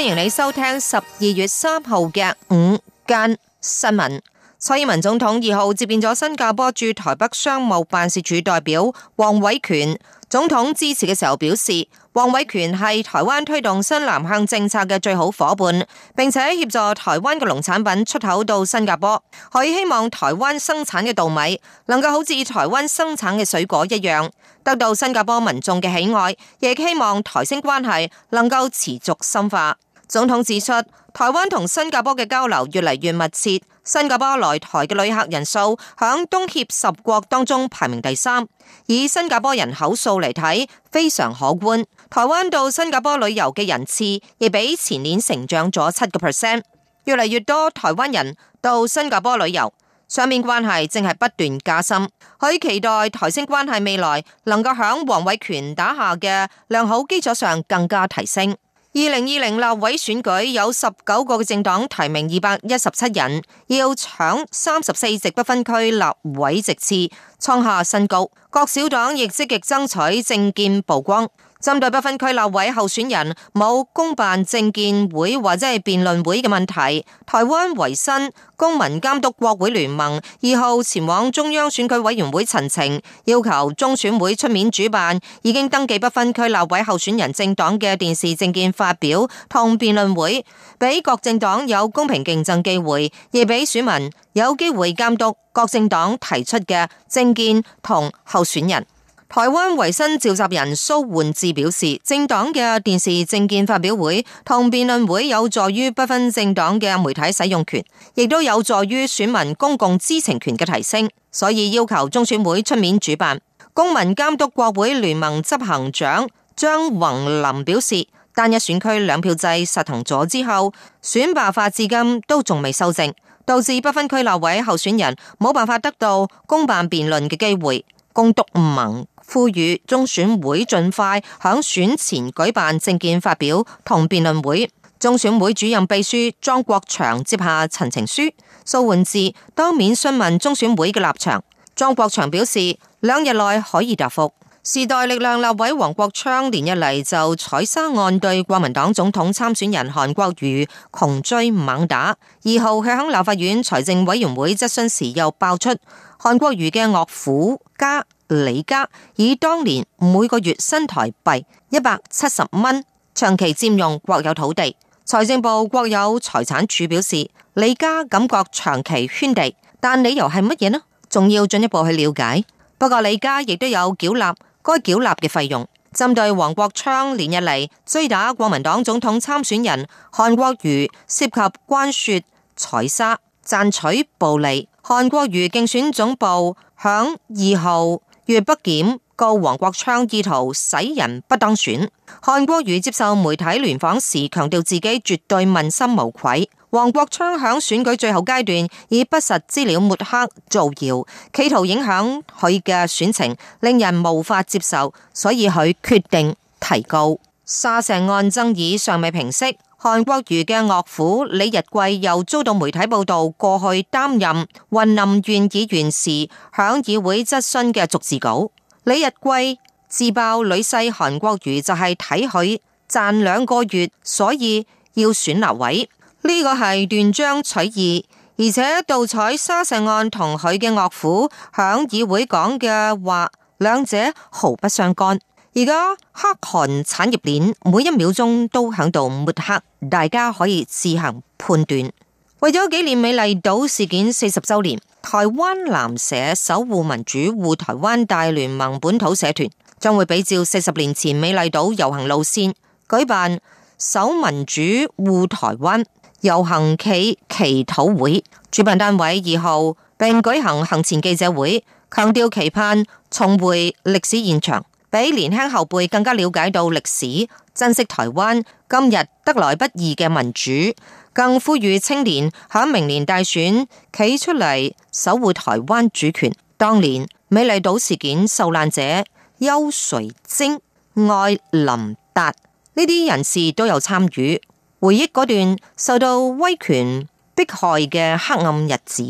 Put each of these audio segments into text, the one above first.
歡迎你收聽十二月三號嘅午間新聞。蔡英文總統二號接見咗新加坡駐台北商務辦事處代表王偉權。總統支持嘅時候表示，王偉權係台灣推動新南向政策嘅最好伙伴，並且協助台灣嘅農產品出口到新加坡。佢希望台灣生產嘅稻米能夠好似台灣生產嘅水果一樣得到新加坡民眾嘅喜愛，亦希望台星關係能夠持續深化。總統指出，台灣同新加坡嘅交流越嚟越密切。新加坡來台嘅旅客人數響東協十國當中排名第三，以新加坡人口數嚟睇非常可觀。台灣到新加坡旅遊嘅人次亦比前年成長咗七個 percent，越嚟越多台灣人到新加坡旅遊，雙邊關係正係不斷加深。可以期待台星關係未來能夠響王偉權打下嘅良好基礎上更加提升。二零二零立委選舉有十九個政黨提名二百一十七人，要搶三十四席不分區立委席次，創下新高。各小黨亦積極爭取政見曝光。針對不分區立委候選人冇公辦政見會或者係辯論會嘅問題，台灣維新、公民監督國會聯盟二號前往中央選舉委員會陳情，要求中選會出面主辦已經登記不分區立委候選人政黨嘅電視政見發表同辯論會，俾各政黨有公平競爭機會，亦俾選民有機會監督各政黨提出嘅政見同候選人。台灣維新召集人蘇煥智表示，政黨嘅電視政見發表會同辯論會有助於不分政黨嘅媒體使用權，亦都有助於選民公共知情權嘅提升，所以要求中選會出面主辦。公民監督國會聯盟執行長張宏林表示，單一選區兩票制實行咗之後，選罷法至今都仲未修正，導致不分區立委候選人冇辦法得到公辦辯論嘅機會。公督盟。呼籲中選會盡快響選前舉辦政見發表同辯論會。中選會主任秘書莊國祥接下陳情書，蘇煥智當面詢問中選會嘅立場。莊國祥表示兩日內可以答覆。時代力量立委黃國昌連日嚟就採沙案對國民黨總統參選人韓國瑜窮追猛打。二號佢響立法院財政委員會質詢時又爆出韓國瑜嘅岳父家。李家以當年每個月新台幣一百七十蚊，長期占用國有土地，財政部國有財產署表示，李家感覺長期圈地，但理由係乜嘢呢？仲要進一步去了解。不過李家亦都有繳納該繳納嘅費用。針對黃國昌連日嚟追打國民黨總統參選人韓國瑜涉及關說、採砂、賺取暴利，韓國瑜競選總部響二號。越不檢告，黃國昌意圖使人不當選。韓國瑜接受媒體聯訪時強調自己絕對問心無愧。黃國昌響選舉最後階段以不實資料抹黑造謠，企圖影響佢嘅選情，令人無法接受，所以佢決定提告。沙石案爭議尚未平息。韓國瑜嘅岳父李日貴又遭到媒體報道，過去擔任雲林縣議員時，響議會質詢嘅逐字稿，李日貴自爆女婿韓國瑜就係睇佢賺兩個月，所以要選立委，呢個係斷章取義，而且盜採沙石案同佢嘅岳父響議會講嘅話，兩者毫不相干。而家黑韓產業鏈每一秒鐘都響度抹黑，大家可以自行判斷。為咗紀念美麗島事件四十周年，台灣南社守護民主護台灣大聯盟本土社團將會比照四十年前美麗島遊行路線舉辦守民主護台灣遊行暨祈禱會，主辦單位二號，並舉行行前記者會，強調期盼重回歷史現場。比年輕後輩更加了解到歷史，珍惜台灣今日得來不易嘅民主，更呼籲青年響明年大選企出嚟守護台灣主權。當年美麗島事件受難者邱垂貞、愛琳達呢啲人士都有參與回憶嗰段受到威權迫害嘅黑暗日子。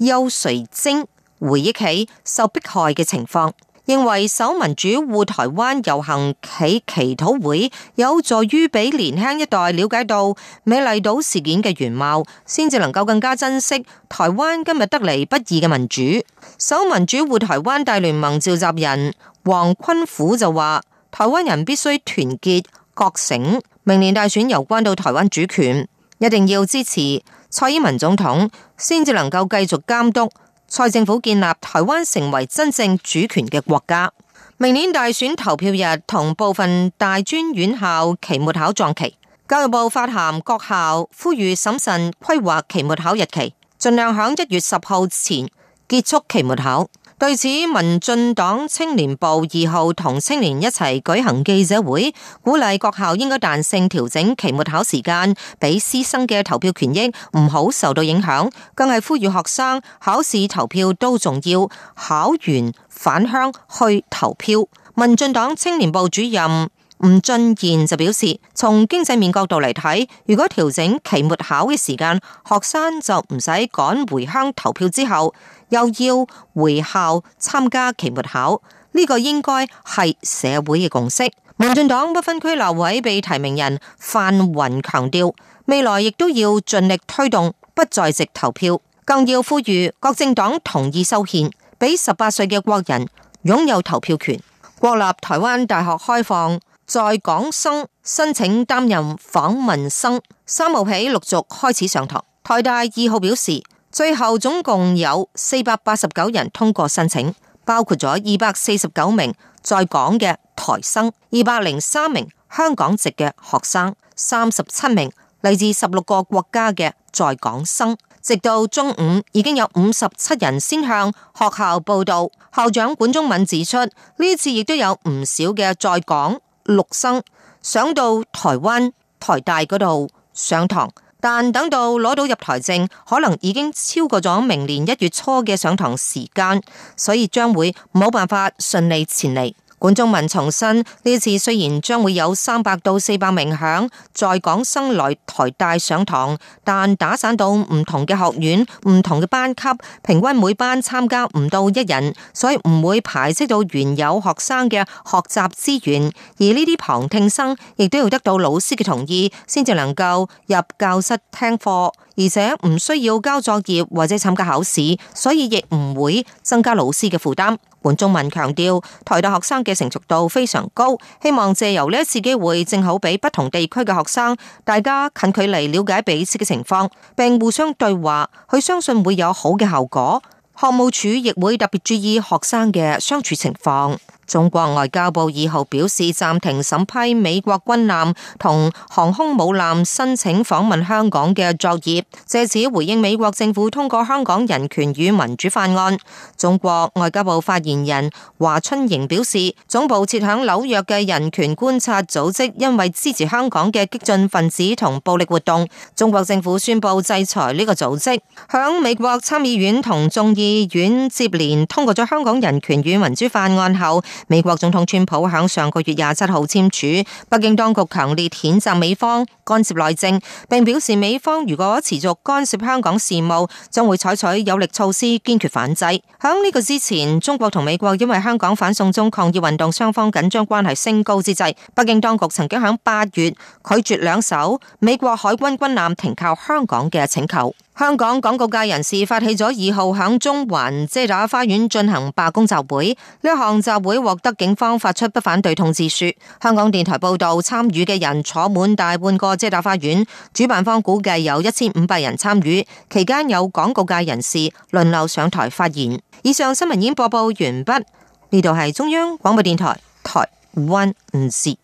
邱垂貞回憶起受迫害嘅情況。認為守民主護台灣遊行企祈禱會，有助於俾年輕一代了解到美麗島事件嘅原貌，先至能夠更加珍惜台灣今日得嚟不易嘅民主。守民主護台灣大聯盟召集人黃坤虎就話：台灣人必須團結覺醒，明年大選攸關到台灣主權，一定要支持蔡英文總統，先至能夠繼續監督。蔡政府建立台灣成為真正主權嘅國家。明年大選投票日同部分大專院校期末考撞期，教育部發函各校呼籲審慎規劃期末考日期，盡量響一月十號前結束期末考。對此，民進黨青年部二號同青年一齊舉行記者會，鼓勵各校應該彈性調整期末考時間，俾師生嘅投票權益唔好受到影響，更係呼籲學生考試投票都重要，考完返鄉去投票。民進黨青年部主任，吳俊賢就表示，從經濟面角度嚟睇，如果調整期末考嘅時間，學生就唔使趕回鄉投票之後，又要回校參加期末考，呢個應該係社會嘅共識。民進黨不分區立委被提名人范雲強調，未來亦都要盡力推動不在籍投票，更要呼籲各政黨同意修憲，俾十八歲嘅國人擁有投票權。國立台灣大學開放。在港生申請擔任訪問生，三號起陸續開始上堂。台大二號表示，最後總共有四百八十九人通過申請，包括咗二百四十九名在港嘅台生，二百零三名香港籍嘅學生，三十七名嚟自十六個國家嘅在港生。直到中午已經有五十七人先向學校報到。校長管中閔指出，呢次亦都有唔少嘅在港。陸生想到台灣台大嗰度上堂，但等到攞到入台證，可能已經超過咗明年一月初嘅上堂時間，所以將會冇辦法順利前嚟。管中閔重申，呢次雖然將會有三百到四百名響在港生來台大上堂，但打散到唔同嘅學院、唔同嘅班級，平均每班參加唔到一人，所以唔會排斥到原有學生嘅學習資源。而呢啲旁聽生亦都要得到老師嘅同意，先至能夠入教室聽課。而且唔需要交作業或者參加考試，所以亦唔會增加老師嘅負擔。管中閔強調，台大學生嘅成熟度非常高，希望借由呢一次機會，正好俾不同地區嘅學生，大家近距離了解彼此嘅情況，並互相對話。佢相信會有好嘅效果。學務處亦會特別注意學生嘅相處情況。中國外交部二號表示，暫停審批美國軍艦同航空母艦申請訪問香港嘅作業，借此回應美國政府通過香港人權與民主法案。中國外交部發言人華春瑩表示，總部設響紐約嘅人權觀察組織因為支持香港嘅激進分子同暴力活動，中國政府宣布制裁呢個組織。響美國參議院同眾議院接連通過咗香港人權與民主法案後。美國總統川普喺上個月廿七號簽署，北京當局強烈譴責美方干涉內政，並表示美方如果持續干涉香港事務，將會採取有力措施堅決反制。喺呢個之前，中國同美國因為香港反送中抗議運動，雙方緊張關係升高之際，北京當局曾經喺八月拒絕兩艘美國海軍軍艦停靠香港嘅請求。香港廣告界人士發起咗二號響中環遮打花園進行罷工集會，呢一項集會獲得警方發出不反對通知書。香港電台報道，參與嘅人坐滿大半個遮打花園，主辦方估計有一千五百人參與。期間有廣告界人士輪流上台發言。以上新聞已經播報完畢。呢度係中央廣播電台，台灣唔設。